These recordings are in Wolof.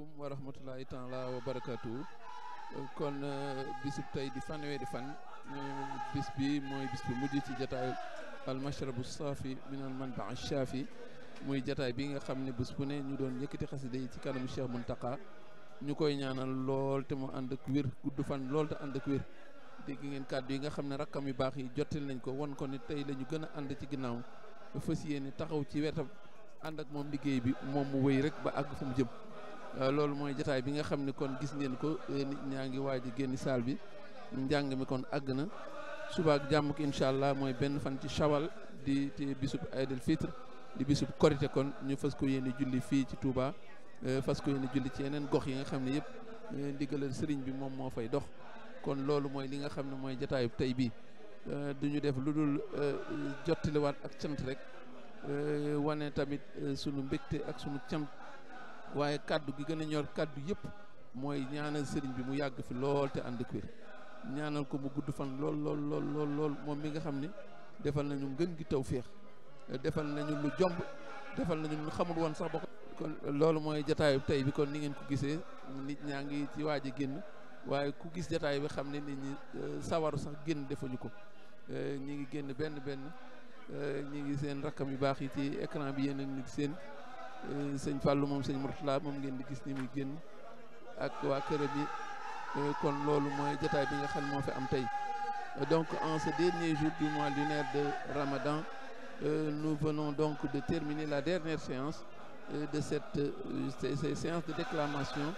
aleykum wa rahmatulahi taala wa barakaatu kon euh, bisub tey di fanweeri fan euh, bis bi mooy bis bu mujj ci jataay al mashrabu saafi man al manba shaafi muy jataay bi nga xam ne bés bu ne ñu doon yëkkati xasida yi ci kanamu Cheikh Mountakha ñu koy ñaanal lool te mu ànd ak wér gudd fan lool te ànd ak wér dégg ngeen kàddu yi nga xam ne rakkam yu baax yi jottil nañ ko won ko ne tey la ñu gën ànd ci ginnaaw fas yéene taxaw ci wetam ànd ak moom liggéey bi moom mu Euh, loolu mooy jataay bi nga xam ne kon gis ngeen ko euh, nit ñaa ngi waaj génn saal bi njàng mi kon àgg na suba ak jàmm ko incha allah mooy benn fan ci shawal di ci bisub aydul fitre di bisub korité kon ñu fas ko yéene julli fii ci Touba euh, fas ko yéene julli ci yeneen gox yi nga xam ne yëpp ndigalal sëriñ bi moom moo fay dox kon loolu mooy li nga xam ne mooy jataayu tey bii du ñu def lu dul jottaliwaat ak cant rek wane tamit sunu mbégte ak sunu cant waaye kàddu gi gën a ñor kàddu yëpp mooy ñaanal sëriñ bi mu yàgg fi lool te ànd ak ñaanal ko mu gudd fan lool lool lool lool moom mi nga xam ne defal nañu ngën gi taw féex defal nañu lu jomb defal nañu lu xamul woon sax ba ko kon loolu mooy jataayu tey bi kon ni ngeen ko gisee nit ñaa ngi ci waaj a génn waaye ku gis jataay bi xam ne nit ñi euh, sawaru sax génn defuñu ko euh, ñi ngi génn benn benn euh, ñi ngi seen rakkam yu baax yi ci écran bi yéen a ngi seen Eh, sëñ Fallou moom sëñ Mourtala moom ngeen di gis ni muy génn ak waa këram yi eh, kon loolu mooy jotaay bi nga xam moo fi am tey eh, donc en ce dernier jour du mois lunaire de Ramadan nous venons donc de terminer la dernière séance de cette euh, ces séances de déclamation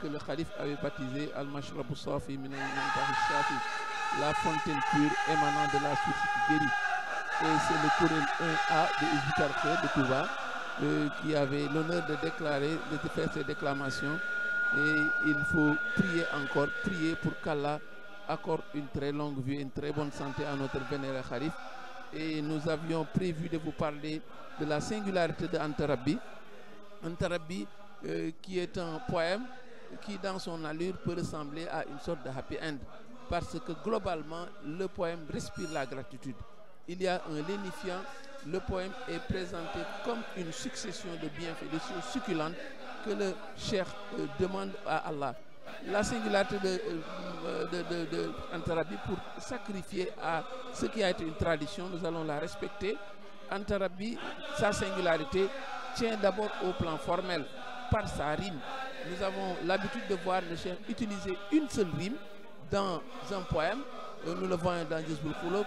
que le calife avait baptisé Al-Mashrabu Safi min al-Manbahi Shafi la fontaine pure émanant de la source qui et c'est le Coran a de Ibn Kathir de Touba euh, qui avait l'honneur de faire ses déclamations. Et il faut prier encore, prier pour qu'Allah accorde une très longue vie, une très bonne santé à notre vénéré Kharif. Et nous avions prévu de vous parler de la singularité de Antarabi. Antarabi, euh, qui est un poème qui, dans son allure, peut ressembler à une sorte de happy end. Parce que globalement, le poème respire la gratitude. Il y a un lénifiant le poème est présenté comme une succession de bienfaits, de choses succulentes que le cheikh euh, demande à Allah. La singularité de, euh, de, de, de Antarabi pour sacrifier à ce qui a été une tradition, nous allons la respecter. Antarabi, sa singularité tient d'abord au plan formel, par sa rime. Nous avons l'habitude de voir le cher utiliser une seule rime dans un poème. Nous le voyons dans Jezbul Koulou.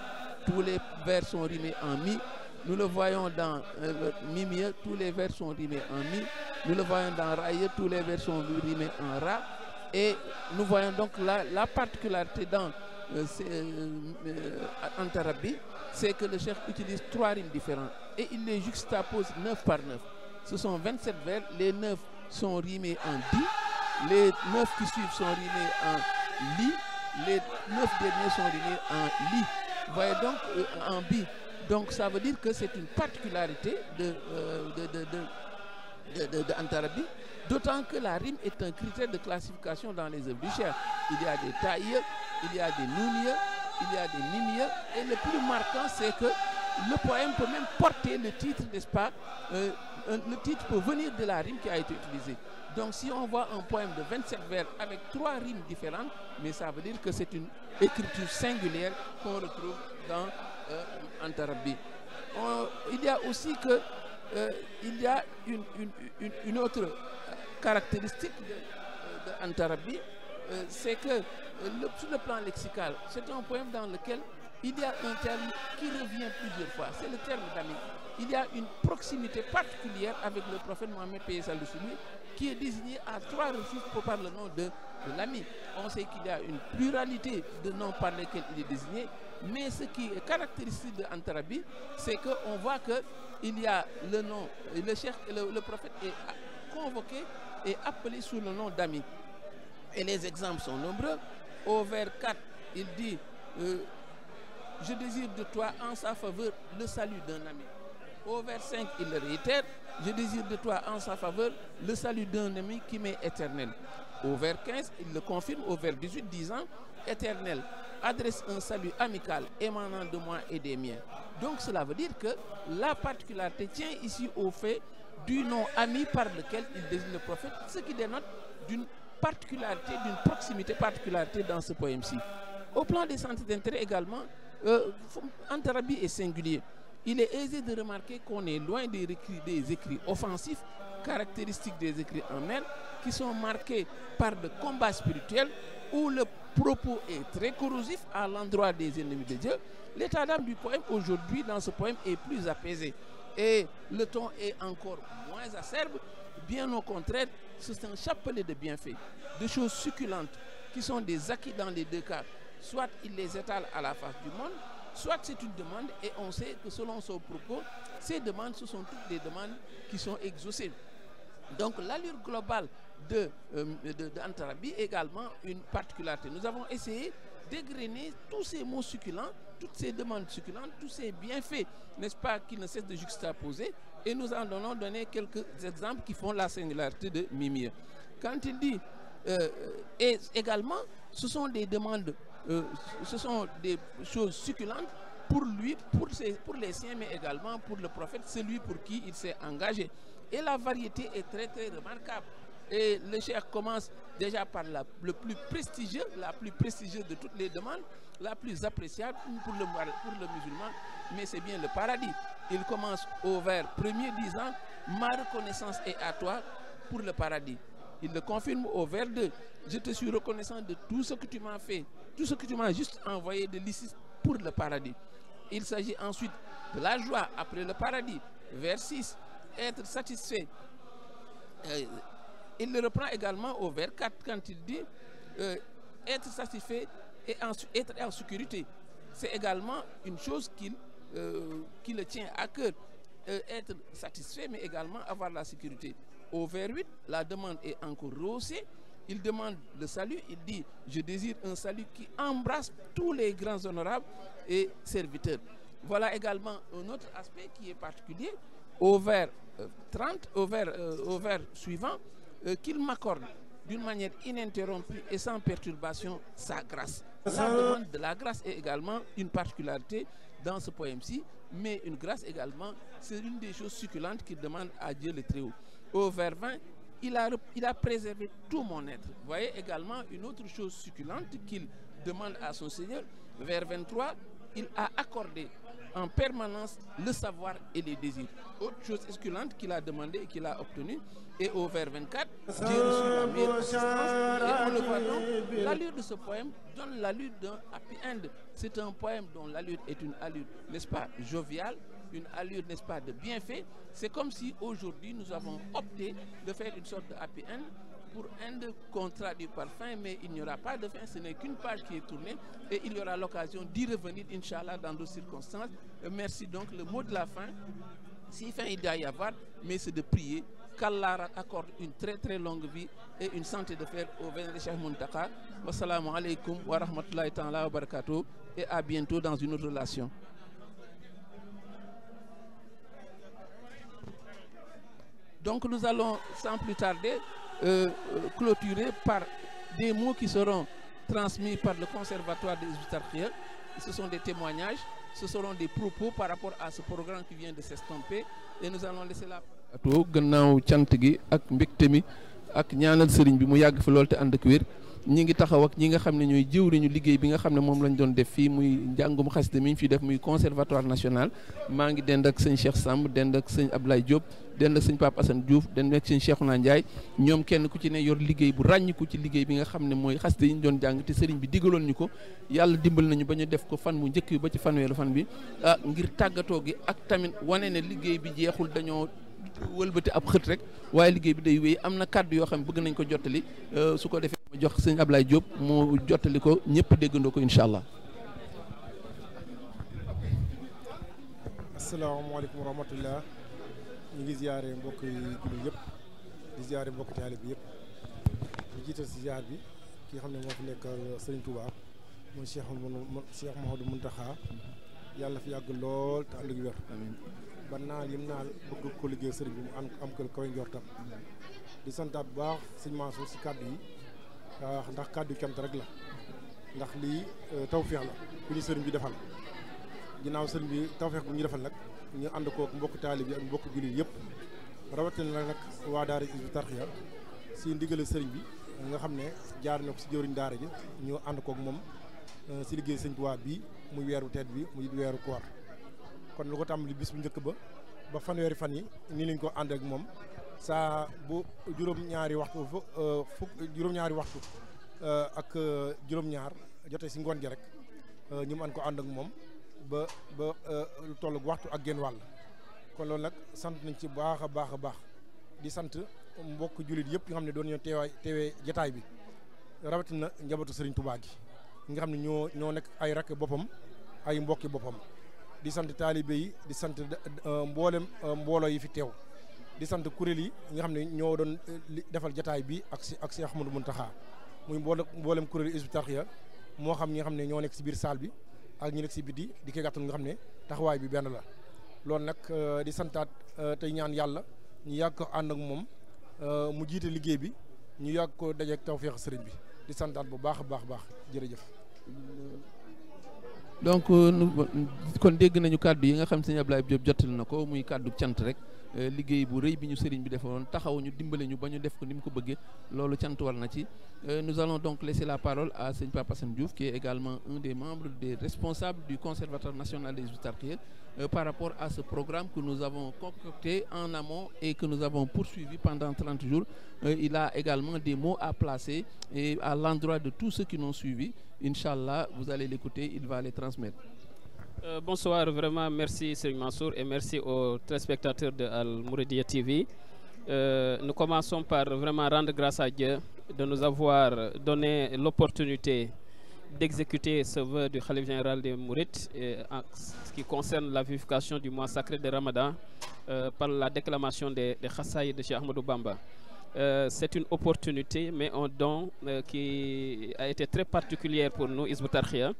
Tous les vers sont rimés en mi, Nous le voyons dans euh, Mimieux, les vers sont rimés en Mi. Nous le voyons dans les vers sont Et nous donc la, la particularité dans euh, euh, Antarabi, euh, c'est que le chef utilise trois rimes différentes et il les juxtapose 9 par 9. Ce sont les 9 sont rimés en les 9 qui en Li, en Li. Donc ça veut dire que c'est une particularité de, euh, de, de, de de, de, de Antarabi, la rime est un critère de classification les œuvres du chef. Il y a des tailleurs, il y et le plus marquant, c'est que le poème peut le titre, n'est-ce pas euh, Le titre peut de la rime qui a été utilisée. Donc si on voit un poème de 27 vers avec trois rimes différentes, mais ça veut dire que une écriture singulière Euh, Anta Rabbi. Euh, il y a aussi que euh, il y a une une une, une autre caractéristique de, de euh, c'est que le, sur le plan lexical, c'est un poème dans lequel il y a un terme qui revient plusieurs fois, c'est le terme d'ami. Il y a une proximité particulière avec le prophète Mohammed paix et salut sur qui est désigné à trois reprises par le nom de, de l'ami. On sait qu'il y a une pluralité de noms par lesquels il est désigné. Mais ce qui est caractéristique de Antarabi, c'est qu'on voit qu'il y a le nom, le, chef, le, le prophète est convoqué et appelé sous le nom d'ami. Et les exemples sont nombreux. Au vers 4, il dit euh, Je désire de toi en sa faveur le salut d'un ami. Au vers 5, il le réitère Je désire de toi en sa faveur le salut d'un ami qui m'est éternel. Au vers 15, il le confirme. Au vers 18, disant éternel adresse un salut amical émanant de moi et des miens. Donc cela veut dire que la particularité tient ici au fait du nom ami par lequel il désigne le prophète, ce qui dénote d'une particularité, d'une proximité particularité dans ce poème-ci. Au plan des centres d'intérêt également, euh, Antarabi est singulier. il est aisé de remarquer qu'on est loin des écrits, des écrits offensifs, caractéristiques des écrits en mer, qui sont marqués par de combat spirituel où le propos est très corrosif à l'endroit des ennemis de Dieu. L'état d'âme du poème aujourd'hui dans ce poème est plus apaisé et le ton est encore moins acerbe. Bien au contraire, c'est un chapelet de bienfaits, de choses succulentes qui sont des acquis dans les deux cas. Soit il les étale à la face du monde, Soit c'est une demande et on sait que selon son propos, ces demandes, ce sont toutes des demandes qui sont exaucées. Donc l'allure globale de, euh, de, de Antarabi est également une particularité. Nous avons essayé dégrainer tous ces mots succulents, toutes ces demandes succulentes, tous ces bienfaits, n'est-ce pas, qui ne cessent de juxtaposer. Et nous en donnons donné quelques exemples qui font la singularité de Mimir. Quand il dit, euh, euh et également, ce sont des demandes euh, ce sont des choses succulentes pour lui, pour, ses, pour les siens, mais également pour le prophète, celui pour qui il s'est engagé. Et la variété est très très remarquable. Et le cher commence déjà par la, le plus prestigieux, la plus prestigieuse de toutes les demandes, la plus appréciable pour le, pour le musulman, mais c'est bien le paradis. Il commence au vers premier disant, ma reconnaissance est à toi pour le paradis. Il le confirme au vers de je te suis reconnaissant de tout ce que tu m'as fait tout ce que tu m'as juste envoyé de l'ici pour le paradis. Il s'agit ensuite de la joie après le paradis. Vers 6, être satisfait. Euh, il le reprend également au vers 4 quand il dit euh, être satisfait et en, être en sécurité. C'est également une chose qui, euh, qui le tient à cœur. Euh, être satisfait, mais également avoir la sécurité. Au vers 8, la demande est encore rehaussée il demande le salut, il dit je désire un salut qui embrasse tous les grands honorables et serviteurs. Voilà également un autre aspect qui est particulier au vers euh, trente au vers, euh, vers suivant, euh, qu'il m'accorde d'une manière ininterrompue et sans perturbation sa grâce. La euh. demande de la grâce est également une particularité dans ce poème-ci, mais une grâce également, c'est une des choses succulentes qu'il demande à Dieu le Très-Haut. Au vers il a, il tout mon être. Vous voyez également une demande à son Seigneur. Vers 23, il le savoir et les désirs. Autre chose esculente qu'il a demandé et qu'il a obtenu. la meilleure assistance. Et on le voit donc, l'allure de un poème dont l'allure est une allure, n'est-ce pas, de bienfait. C'est comme si aujourd'hui nous avons opté de faire une sorte de APN pour un de contrat du parfum, mais il n'y aura pas de fin, ce n'est qu'une page qui est tournée et il y aura l'occasion d'y revenir, Inch'Allah, dans d'autres circonstances. Euh, merci donc. Le mot de la fin, si fin il doit y avoir, mais c'est de prier qu'Allah accorde une très très longue vie et une santé de fer au vénéré Cheikh Muntaka. Wassalamu alaikum wa rahmatullahi ta'ala wa barakatuh à bientôt dans une autre Donc nous allons sans plus tarder euh, euh par des mots qui seront transmis par le Conservatoire des Huîtres Ce sont des témoignages, ce seront des propos par rapport à ce programme qui vient de s'estomper et nous allons laisser la parole. gannaaw cant gi ak mbégte mi ak ñaanal sëriñ bi mu yàgg fi loolu te ànd ak wér ñi ngi taxaw ak ñi nga xam ne ñooy jëwriñu liggéey bi nga xam ne moom lañu doon def fii muy njàngum xasida mi ñu fi def muy conservatoire national maa ngi dend ak sëñ Cheikh Samb dend ak sëñ Ablaye jóob dend ak sëñ Pape Assane Diouf dend ak sëñ Cheikhouna Ndiaye ñoom kenn ku ci ne yor liggéey bu ràññiku ci liggéey bi nga xam ne mooy xasida yi ñu doon jàng te sëriñ bi digaloon ñu ko yàlla dimbal nañu ba ñu def ko fan bu njëkk bi ba ci fanweelu fan bi ah, ngir tàggatoo gi ak tamit wane ne liggéey bi jeexul dañoo wëlbati ab xët rek waaye liggéey bi day wéy am na kàddu yoo xam ne bëgg nañ ko jottali euh, su ko defee ma jox sëñ Ablaye Diop mu jottali ko ñëpp déggandoo ko incha allah. asalaamaaleykum wa rahmatulah ñu ngi ziare mbokk yi jullit yëpp di ziare mbokk taalib bi yëpp di jiital si ziar bi ki xam ne moo fi nekk Serigne Touba mooy Cheikh Mouhamadou Mountakha yàlla fi yàgg lool te ànd ba naal yim naal bëgg ko liggéey sëriñ bi mu am am kër kawe njortam di santaat bu baax sëñ Mansour si kàddu yi ah, ndax kàddu cant rek la ndax lii euh, tawféex la ku ñu sëriñ bi defal ginnaaw sëriñ bi tawféex bu ñu defal nag ñu ànd kook mbokk taalib yi ak mbokk jullit yëpp rawatina nag nag waa daara Hizbut Tarqiyyah si sëriñ bi nga xam ne jaar na ko si jëwriñ daara ji ñu ànd kook moom euh, si liggéey sëñ Tuubaa bi muy weeru teet bi muy weeru koor kon lu ko tàmbali bis bu njëkk ba ba fanweeri fan yi nii lañ ko ànd moom saa bu juróom-ñaari waxtu fukk euh, juróom euh, ak euh, juróom-ñaar jote si ngoon gi rek ñu mën ko ànd ak moom ba ba lu toll waxtu ak genn wàll kon loolu nag sant nañ ci baax a baax a baax di sant mbokk jullit yëpp nga xam ne doon ñoo teewaay teewee jataay bi rawatina njabootu Serigne Touba gi nga xam ne ñoo ñoo nekk ay rakk boppam ay mbokki boppam di sant taalibe yi di sant euh, mboolem euh, mbooloo yi fi teew di sant kuréel yi nga xam ne ñoo doon euh, defal jataay bi ak si ak si mun taxaa muy mboole mboolem kuréel tax ya moo xam ñi xam ne ñoo nekk si biir salle bi ak ñu nekk si biti di koy nga xam ne taxawaay bi benn la. loolu nag di santaat tey ñaan yàlla ñu yàgg ko ànd ak moom mu jiite liggéey bi ñu yàgg ko dajeeg tawféex sëriñ bi di santaat bu baax a baax baax jërëjëf. donc euh, kon dégg nañu kàddu yi nga xam sëñ Ablaye Diop jottali na ko muy kàddu cant rek Euh, liggéey bu rëy bi ñu sëriñ bi defoon taxaw ñu dimbale ñu ba ñu def ko ni mu ko bëggee loolu cant war na ci euh, nous donc laisser la parole à sëñ Papa Sane Diouf qui est également un des membres des responsables du conservatoire national des Outarkiya euh, par rapport à ce programme que nous avons concocté en amont et que nous avons poursuivi pendant 30 jours il a également des mots à placer et à l'endroit de tous ceux qui l'ont suivi Inch'Allah vous allez l'écouter Euh, bonsoir, vraiment merci Seigneur Mansour et merci aux téléspectateurs de Al Mouridia TV. Euh, nous commençons par vraiment rendre grâce à Dieu de nous avoir donné l'opportunité d'exécuter ce vœu du Khalif général des Mourites en ce qui concerne la vivification du mois sacré de Ramadan euh, par la déclamation des, des Khassaïs de Cheikh Ahmadou Bamba. Euh, c'est une opportunité, mais un don euh, qui a été très particulière pour nous, Isbutarkhia.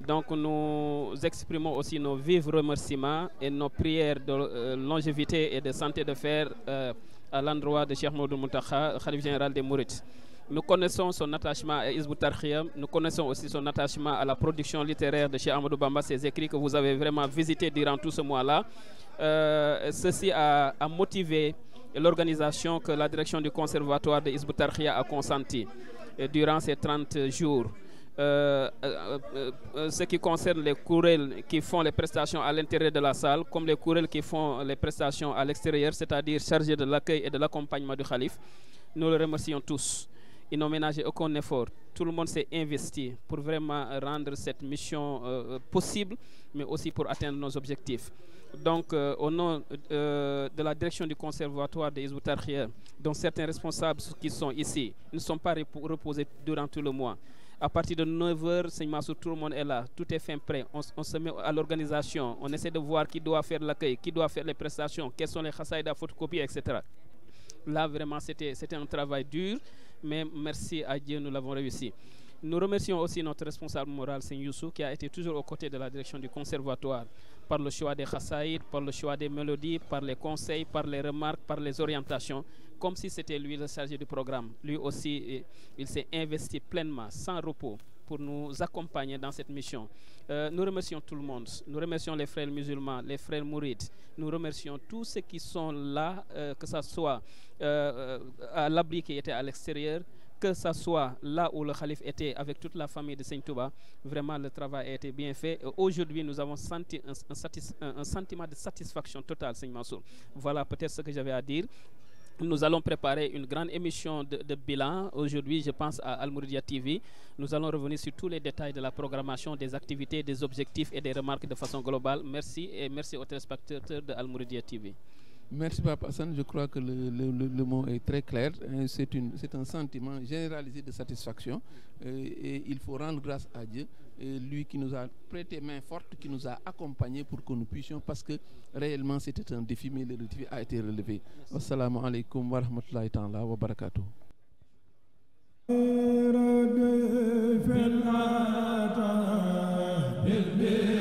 Donc nous exprimons aussi nos vifs remerciements et nos prières de euh, longévité et de santé de fer euh, à l'endroit de Cheikh Modou Moutakha, Khalif général des Mourites. Nous connaissons son attachement à Isbou Tarkhiyam, nous connaissons aussi son attachement à la production littéraire de Cheikh Amadou Bamba, ses écrits que vous avez vraiment visités durant tout ce mois-là. Euh, ceci a, a motivé l'organisation que la direction du conservatoire de Isbou a consentie euh, durant ces 30 jours. Euh, euh, euh, ce qui concerne les courriels qui font les prestations à l'intérieur de la salle, comme les courriels qui font les prestations à l'extérieur, c'est-à-dire chargés de l'accueil et de l'accompagnement du calife, nous le remercions tous. Ils n'ont ménagé aucun effort. Tout le monde s'est investi pour vraiment rendre cette mission euh, euh, possible, mais aussi pour atteindre nos objectifs. Donc, au nom euh, de la direction du conservatoire des Tarkhir, dont certains responsables qui sont ici, ne sont pas le mois. À partir de 9h, Seigneur Massour, tout le monde est là. Tout est fin prêt. On, on se met à l'organisation. On essaie de voir qui doit faire l'accueil, qui doit faire les prestations, quels sont les chassaïdes à photocopier, etc. Là, vraiment, c'était un travail dur. mais merci à Dieu, nous l'avons réussi. Nous remercions aussi notre responsable moral, Seigne qui a été toujours aux côtés de la direction du conservatoire, par le choix des chassaïdes, par le choix des mélodies, par les conseils, par les remarques, par les orientations, comme si c'était lui le chargé du programme. Lui aussi, il s'est investi pleinement, sans repos, pour nous accompagner dans cette mission. Euh, nous remercions tout le monde. Nous remercions les frères musulmans, les frères mourides. Nous remercions tous ceux qui sont là, euh, que ce soit euh, euh, à l'abri qui était à l'extérieur, que ça soit là où le calife était avec toute la famille de Seigne Touba, vraiment le travail a été bien fait. Aujourd'hui, nous avons senti un, un, un, sentiment de satisfaction totale, Seigne Mansour. Voilà peut-être ce que j'avais à dire. Nous allons préparer une grande émission de, de bilan. Aujourd'hui, je pense à Al Mouridia TV. Nous allons revenir sur tous les détails de la programmation, des activités, des objectifs et des remarques de façon globale. Merci et merci aux téléspectateurs de Al Mouridia TV. Merci, Papa Hassan. Je crois que le, le, le mot est très clair. Euh, c'est un sentiment généralisé de satisfaction. Euh, et il faut rendre grâce à Dieu, et euh, lui qui nous a prêté main forte, qui nous a accompagnés pour que nous puissions, parce que réellement c'était un défi, mais le défi a été relevé. Assalamu alaikum wa rahmatullahi ta'ala wa barakatuh. بالبيت